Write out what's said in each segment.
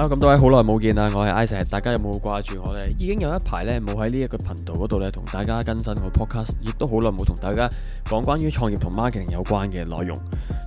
Hello，咁多位好耐冇見啦，我係 Isa，大家有冇掛住我呢？已經有一排呢，冇喺呢一個頻道嗰度呢，同大家更新個 podcast，亦都好耐冇同大家講關於創業同 marketing 有關嘅內容。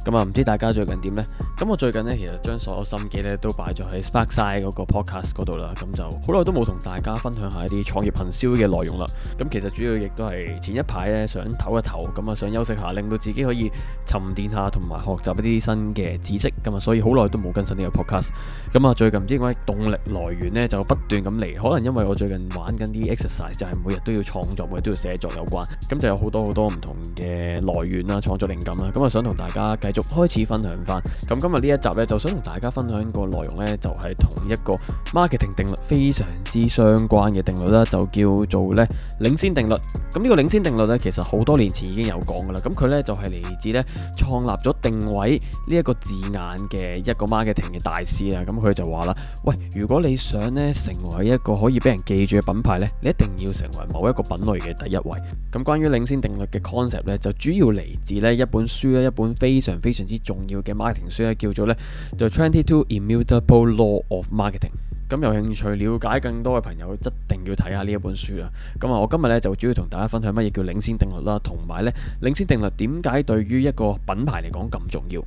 咁啊，唔、嗯、知大家最近點呢？咁、嗯、我最近呢其實將所有心機呢都擺咗喺 Sparkside 嗰個 podcast 嗰度啦。咁、嗯、就好耐都冇同大家分享一下一啲創業行銷嘅內容啦。咁、嗯、其實主要亦都係前一排呢想唞一唞，咁啊想休息下，令到自己可以沉澱下同埋學習一啲新嘅知識。咁、嗯、啊，所以好耐都冇更新呢個 podcast、嗯。咁、嗯、啊，最近唔知點解動力來源呢就不斷咁嚟，可能因為我最近玩緊啲 exercise，就係、是、每日都要創作，每日都要寫作有關。咁、嗯、就有好多好多唔同嘅來源啦，創作靈感啦。咁、嗯、啊、嗯，想同大家繼續開始分享返，咁今日呢一集呢，就想同大家分享個內容呢，就係同一個 marketing 定律非常之相關嘅定律啦，就叫做呢領先定律。咁呢個領先定律呢，其實好多年前已經有講㗎喇。咁佢呢，就係嚟自呢創立咗定位呢一個字眼嘅一個 marketing 嘅大師啊。咁佢就話啦：喂，如果你想呢成為一個可以俾人記住嘅品牌呢，你一定要成為某一個品類嘅第一位。咁關於領先定律嘅 concept 呢，就主要嚟自呢一本書呢一本非常非常之重要嘅 marketing 書咧，叫做咧 The Twenty Two Immutable Law of Marketing。咁有興趣了解更多嘅朋友，一定要睇下呢一本書啦。咁啊，我今日咧就主要同大家分享乜嘢叫領先定律啦，同埋咧領先定律點解對於一個品牌嚟講咁重要。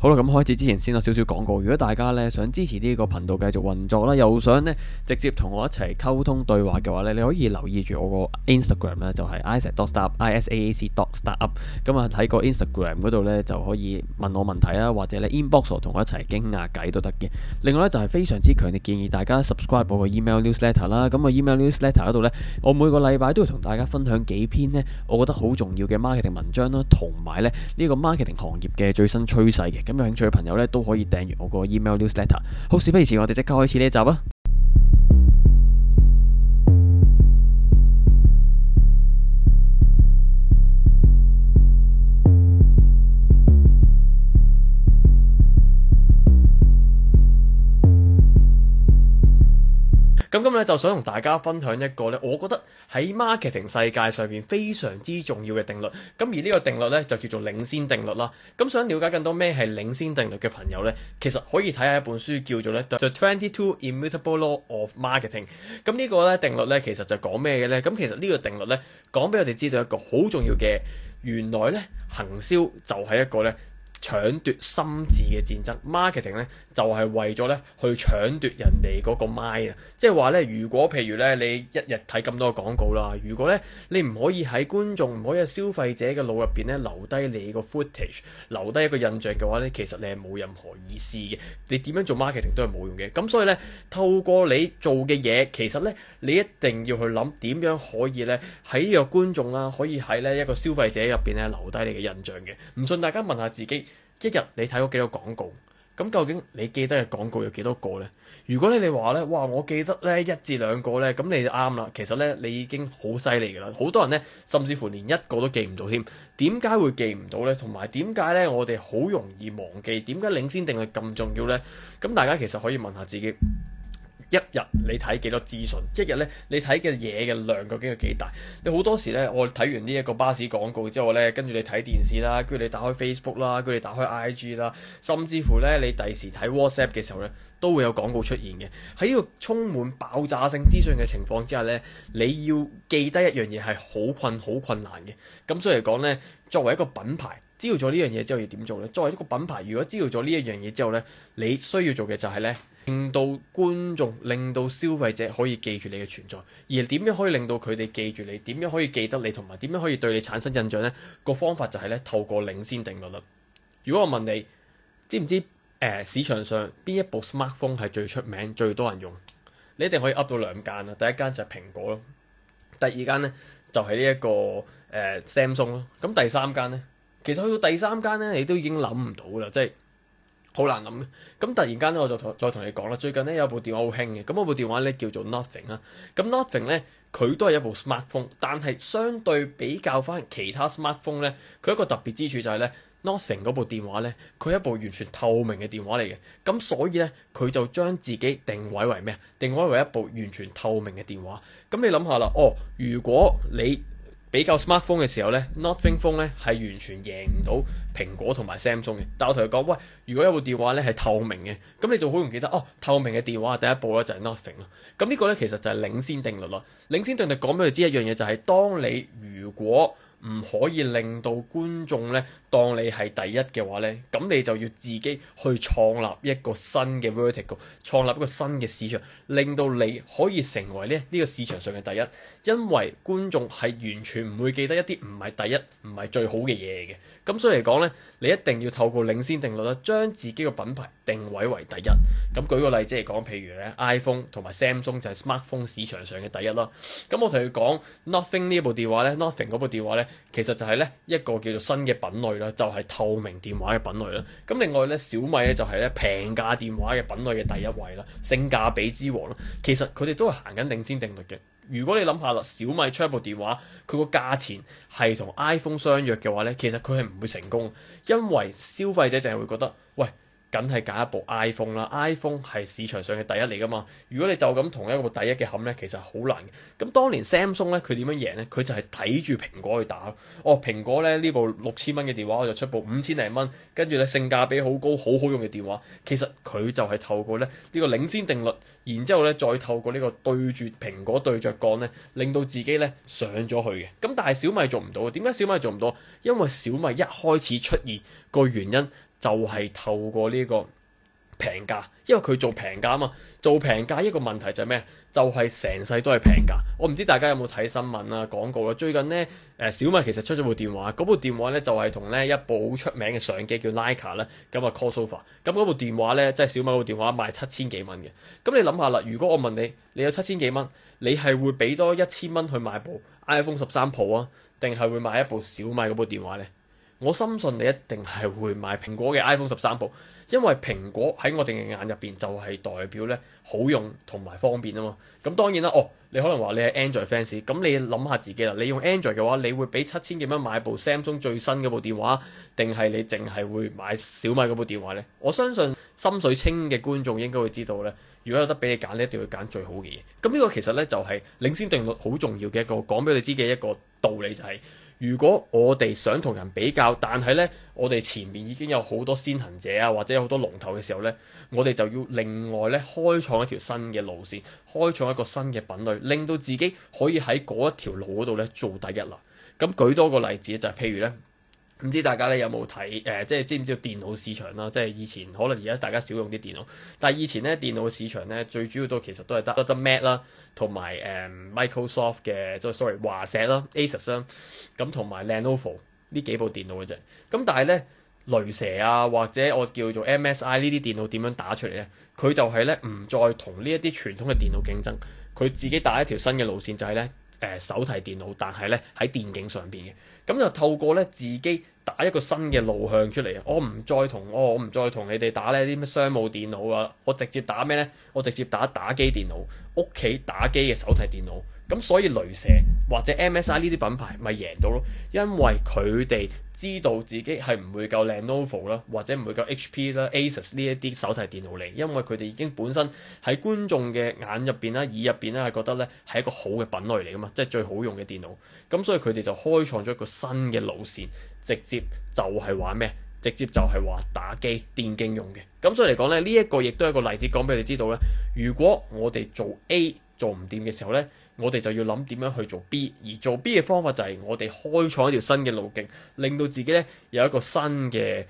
好啦，咁開始之前先有少少廣告。如果大家咧想支持呢個頻道繼續運作啦，又想呢直接同我一齊溝通對話嘅話咧，你可以留意住我個 Instagram 咧，就係 isaac.startup，isaac.startup。咁啊，睇個 Instagram 嗰度呢，就可以問我問題啦，或者呢 inbox 同我，我一齊傾下偈都得嘅。另外呢，就係非常之強烈建議大家 subscribe 我個 email newsletter 啦。咁啊，email newsletter 度呢，我每個禮拜都會同大家分享幾篇呢，我覺得好重要嘅 marketing 文章啦，同埋咧呢個 marketing 行業嘅最新趨勢。咁有興趣嘅朋友呢都可以訂閱我個 email newsletter。好，事不宜遲，我哋即刻開始呢一集啊！咁今日咧就想同大家分享一個咧，我覺得喺 marketing 世界上面非常之重要嘅定律。咁而呢個定律咧就叫做領先定律啦。咁想了解更多咩係領先定律嘅朋友咧，其實可以睇下一本書叫做咧 The Twenty Two Immutable Law of Marketing。咁呢個咧定律咧其實就講咩嘅咧？咁其實呢個定律咧講俾我哋知道一個好重要嘅，原來咧行銷就係一個咧，搶奪心智嘅戰爭，marketing 呢就係為咗呢去搶奪人哋嗰個 mind 啊！即係話呢，如果譬如呢，你一日睇咁多嘅廣告啦，如果呢你唔可以喺觀眾唔可以喺消費者嘅腦入邊呢留低你個 footage，留低一個印象嘅話呢，其實你係冇任何意思嘅。你點樣做 marketing 都係冇用嘅。咁所以呢，透過你做嘅嘢，其實呢你一定要去諗點樣可以呢喺呢個觀眾啦、啊，可以喺呢一個消費者入邊呢留低你嘅印象嘅。唔信大家問下自己。一日你睇咗幾多廣告，咁究竟你記得嘅廣告有幾多個呢？如果你哋話呢，「哇，我記得呢一至兩個呢，咁你就啱啦。其實呢，你已經好犀利噶啦。好多人呢，甚至乎連一個都記唔到添。點解會記唔到呢？同埋點解呢，我哋好容易忘記？點解領先定位咁重要呢？咁大家其實可以問下自己。一日你睇幾多資訊？一日呢，你睇嘅嘢嘅量究竟有幾大？你好多時呢，我睇完呢一個巴士廣告之後呢，跟住你睇電視啦，跟住你打開 Facebook 啦，跟住你打開 IG 啦，甚至乎呢，你第時睇 WhatsApp 嘅時候呢，都會有廣告出現嘅。喺呢個充滿爆炸性資訊嘅情況之下呢，你要記得一樣嘢係好困好困難嘅。咁所以嚟講呢，作為一個品牌，知道咗呢樣嘢之後要點做呢？作為一個品牌，如果知道咗呢一樣嘢之後呢，你需要做嘅就係呢。令到觀眾、令到消費者可以記住你嘅存在，而點樣可以令到佢哋記住你？點樣可以記得你？同埋點樣可以對你產生印象呢？個方法就係咧透過領先定律啦。如果我問你，知唔知誒、呃、市場上邊一部 smartphone 係最出名、最多人用？你一定可以 up 到兩間啦。第一間就係蘋果咯，第二間呢就係呢一個誒、呃、Samsung 咯。咁第三間呢？其實去到第三間呢，你都已經諗唔到啦，即係。好難諗嘅，咁突然間咧，我就再同再同你講啦。最近咧有部電話好興嘅，咁嗰部電話咧叫做 Nothing 啦。咁 Nothing 咧，佢都係一部 smartphone，但係相對比較翻其他 smartphone 咧，佢一個特別之處就係咧，Nothing 嗰部電話咧，佢係一部完全透明嘅電話嚟嘅。咁所以咧，佢就將自己定位為咩啊？定位為一部完全透明嘅電話。咁你諗下啦，哦，如果你比較 smartphone 嘅時候呢，Nothing Phone 呢係完全贏唔到蘋果同埋 Samsung 嘅。但我同佢講，喂，如果有部電話呢係透明嘅，咁你就好容易記得哦。透明嘅電話第一步呢就係 Nothing 咯。咁呢個呢，其實就係領先定律咯。領先定律講俾佢知一樣嘢就係、是，當你如果唔可以令到觀眾咧，當你係第一嘅話咧，咁你就要自己去創立一個新嘅 vertical，創立一個新嘅市場，令到你可以成為咧呢個市場上嘅第一。因為觀眾係完全唔會記得一啲唔係第一、唔係最好嘅嘢嘅。咁所以嚟講咧，你一定要透過領先定律啦，將自己嘅品牌定位為第一。咁舉個例子嚟講，譬如咧 iPhone 同埋 Samsung 就係 smartphone 市場上嘅第一啦。咁我同佢講 Nothing 呢部電話咧，Nothing 嗰部電話咧。其實就係咧一個叫做新嘅品類啦，就係透明電話嘅品類啦。咁另外咧，小米咧就係咧平價電話嘅品類嘅第一位啦，性價比之王啦。其實佢哋都係行緊領先定律嘅。如果你諗下啦，小米出一部電話，佢個價錢係同 iPhone 相約嘅話咧，其實佢係唔會成功，因為消費者淨係會覺得喂。梗係揀一部 iPhone 啦，iPhone 係市場上嘅第一嚟㗎嘛。如果你就咁同一個第一嘅冚咧，其實好難嘅。咁當年 Samsung 咧，佢點樣贏咧？佢就係睇住蘋果去打。哦，蘋果咧呢部六千蚊嘅電話，我就出部五千零蚊，跟住咧性價比好高，好好用嘅電話。其實佢就係透過咧呢個領先定律，然之後咧再透過呢個對住蘋果對着幹咧，令到自己咧上咗去嘅。咁但係小米做唔到，點解小米做唔到？因為小米一開始出現個原因，就係透過呢、這個平價，因為佢做平價啊嘛。做平價一個問題就係咩？就係成世都係平價。我唔知大家有冇睇新聞啊廣告啊。最近呢，誒小米其實出咗部電話，嗰部電話呢就係同呢一部好出名嘅相機叫 Leica 啦，咁啊 Call Sofa 咁嗰部電話呢，即係小米部電話，就是，電話賣七千幾蚊嘅。咁，嗯、你諗下啦，如果我問你，你有七千幾蚊，你係會俾多一千蚊去買部 iPhone 十三 Pro 啊，定係會買一部小米嗰部電話呢？我深信你一定係會買蘋果嘅 iPhone 十三部，因為蘋果喺我哋嘅眼入邊就係代表咧，好用同埋方便啊嘛。咁當然啦，哦，你可能話你係 Android fans，咁你諗下自己啦。你用 Android 嘅話，你會俾七千幾蚊買部 Samsung 最新嗰部電話，定係你淨係會買小米嗰部電話呢？我相信心水清嘅觀眾應該會知道呢。如果有得俾你揀，你一定要揀最好嘅嘢。咁呢個其實呢，就係、是、領先定律好重要嘅一個講俾你知嘅一個道理就係、是。如果我哋想同人比較，但係呢，我哋前面已經有好多先行者啊，或者有好多龍頭嘅時候呢，我哋就要另外呢，開創一條新嘅路線，開創一個新嘅品類，令到自己可以喺嗰一條路嗰度呢，做第一啦。咁舉多個例子，就係譬如呢。唔知大家咧有冇睇誒，即係知唔知道電腦市場啦？即係以前可能而家大家少用啲電腦，但係以前咧電腦市場咧最主要都其實都係得得 Mac 啦，同埋誒 Microsoft 嘅即係 sorry 華碩啦、Asus 啦，咁同埋 Lenovo 呢幾部電腦嘅啫。咁但係咧雷蛇啊或者我叫做 MSI 呢啲電腦點樣打出嚟咧？佢就係咧唔再同呢一啲傳統嘅電腦競爭，佢自己打一條新嘅路線就係咧。誒、呃、手提電腦，但係咧喺電競上邊嘅，咁就透過咧自己打一個新嘅路向出嚟啊！我唔再同、哦、我唔再同你哋打呢啲咩商務電腦啊，我直接打咩呢？我直接打打機電腦，屋企打機嘅手提電腦，咁所以雷蛇，或者 MSI 呢啲品牌咪贏到咯，因為佢哋知道自己係唔會夠靚 Lenovo 啦，或者唔會夠 HP 啦、Asus 呢一啲手提電腦嚟，因為佢哋已經本身喺觀眾嘅眼入邊啦、耳入邊啦係覺得咧係一個好嘅品類嚟噶嘛，即係最好用嘅電腦。咁所以佢哋就開創咗一個新嘅路線，直接就係話咩？直接就係話打機電競用嘅。咁所以嚟講咧，呢一個亦都係一個例子，講俾你哋知道咧。如果我哋做 A 做唔掂嘅時候咧。我哋就要諗點樣去做 B，而做 B 嘅方法就係我哋開創一條新嘅路徑，令到自己呢有一個新嘅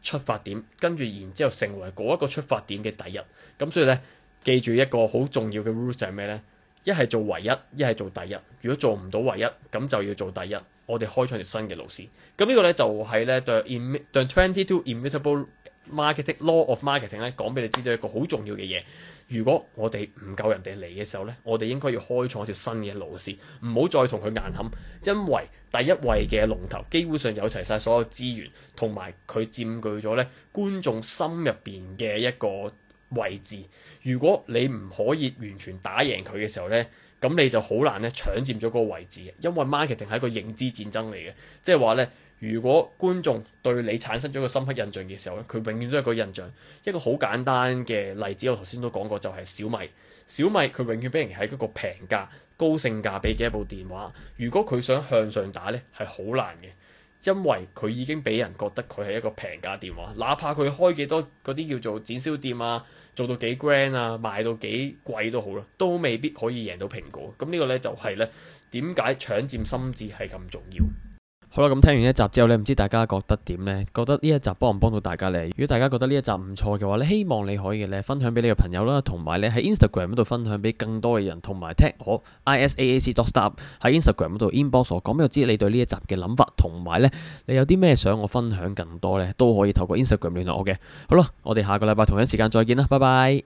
出發點，跟住然之後成為嗰一個出發點嘅第一。咁所以呢，記住一個好重要嘅 rules 係咩呢？一係做唯一，一係做第一。如果做唔到唯一，咁就要做第一。我哋開創條新嘅路線。咁呢個呢，就係呢 the twenty two immutable。Marketing, Law of Marketing 咧，講俾你知道一個好重要嘅嘢。如果我哋唔夠人哋嚟嘅時候呢，我哋應該要開創一條新嘅路線，唔好再同佢硬冚。因為第一位嘅龍頭，基本上有齊晒所有資源，同埋佢佔據咗呢觀眾心入邊嘅一個位置。如果你唔可以完全打贏佢嘅時候呢，咁你就好難咧搶佔咗嗰個位置。因為 Marketing 係一個認知戰爭嚟嘅，即係話呢。如果觀眾對你產生咗個深刻印象嘅時候咧，佢永遠都係個印象。一個好簡單嘅例子，我頭先都講過，就係小米。小米佢永遠俾人喺嗰個平價高性價比嘅一部電話。如果佢想向上打呢，係好難嘅，因為佢已經俾人覺得佢係一個平價電話。哪怕佢開幾多嗰啲叫做展銷店啊，做到幾 grand 啊，賣到幾貴都好啦，都未必可以贏到蘋果。咁呢個呢，就係呢點解搶佔心智係咁重要。好啦，咁聽完呢一集之後呢，唔知大家覺得點呢？覺得呢一集幫唔幫到大家呢？如果大家覺得呢一集唔錯嘅話咧，希望你可以咧分享俾你嘅朋友啦，同埋咧喺 Instagram 嗰度分享俾更多嘅人，同埋聽我 isaacdotup 喺 Instagram 嗰度 inbox 我，講俾我知你對呢一集嘅諗法，同埋呢你有啲咩想我分享更多呢，都可以透過 Instagram 聯絡我嘅。好啦，我哋下個禮拜同一時間再見啦，拜拜。